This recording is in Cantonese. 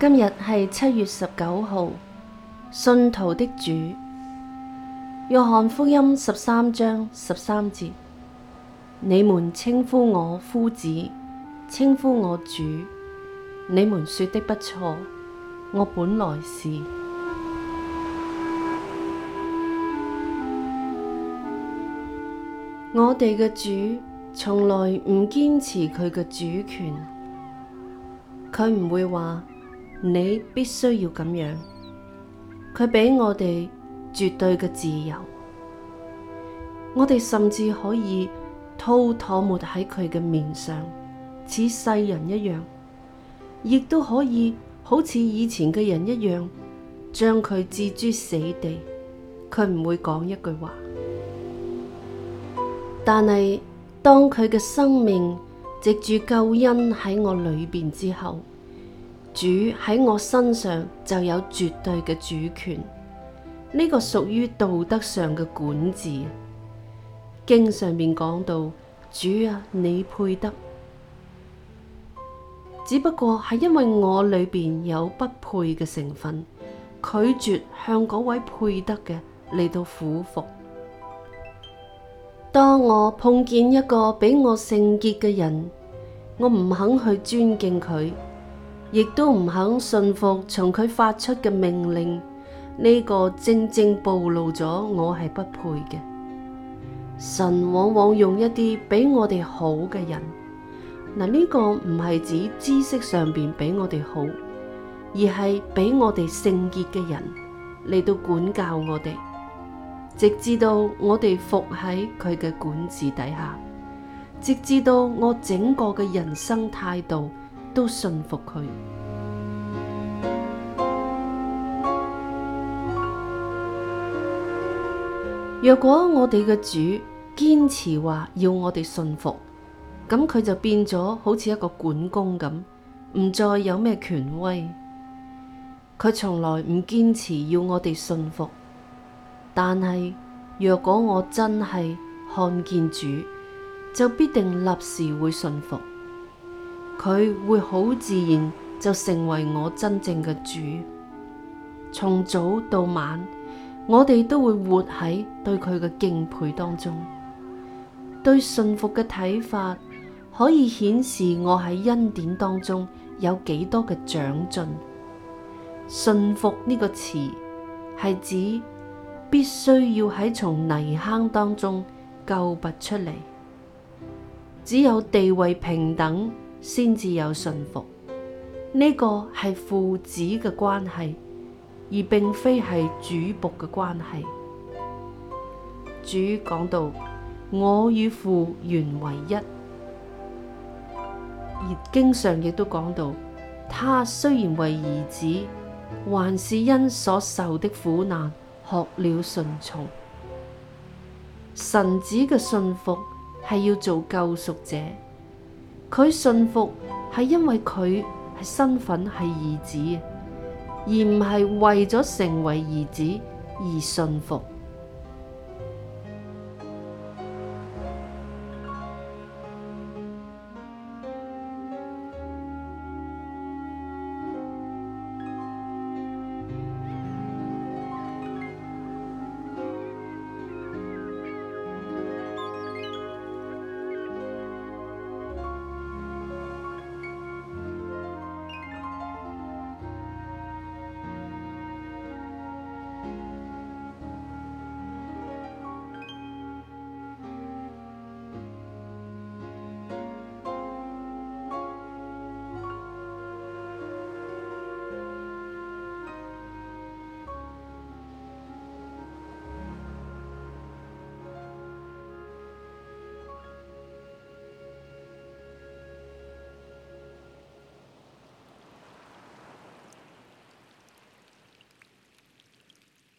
今日係七月十九號，信徒的主。約翰福音十三章十三節，你們稱呼我夫子，稱呼我主，你們說的不錯，我本來是。 我哋嘅主從來唔堅持佢嘅主權，佢唔會話。你必須要咁樣，佢畀我哋絕對嘅自由，我哋甚至可以吐唾沫喺佢嘅面上，似世人一樣，亦都可以好似以前嘅人一樣，將佢置諸死地，佢唔會講一句話。但係當佢嘅生命藉住救恩喺我裏面之後。主喺我身上就有絕對嘅主權，呢個屬於道德上嘅管治。經上面講到：主啊，你配得，只不過係因為我裏邊有不配嘅成分，拒絕向嗰位配得嘅嚟到俯伏。當我碰見一個比我聖潔嘅人，我唔肯去尊敬佢。亦都唔肯信服從佢發出嘅命令，呢、這個正正暴露咗我係不配嘅。神往往用一啲比我哋好嘅人，嗱、這、呢個唔係指知識上邊比我哋好，而係比我哋聖潔嘅人嚟到管教我哋，直至到我哋服喺佢嘅管治底下，直至到我整個嘅人生態度。都信服佢。若果我哋嘅主堅持話要我哋信服，咁佢就變咗好似一個管工咁，唔再有咩權威。佢從來唔堅持要我哋信服，但係若果我真係看見主，就必定立時會信服。佢會好自然就成為我真正嘅主，從早到晚，我哋都會活喺對佢嘅敬佩當中。對信服嘅睇法，可以顯示我喺恩典當中有幾多嘅長進。信服呢個詞係指必須要喺從泥坑當中救拔出嚟，只有地位平等，先至有信服，呢、這個係父子嘅關係，而並非係主僕嘅關係。主講到：「我與父原為一」。而經上亦都講到，他雖然為兒子，還是因所受的苦難，學了順從。神子嘅信服係要做救贖者。佢信服係因為佢係身份係兒子，而唔係為咗成為兒子而信服。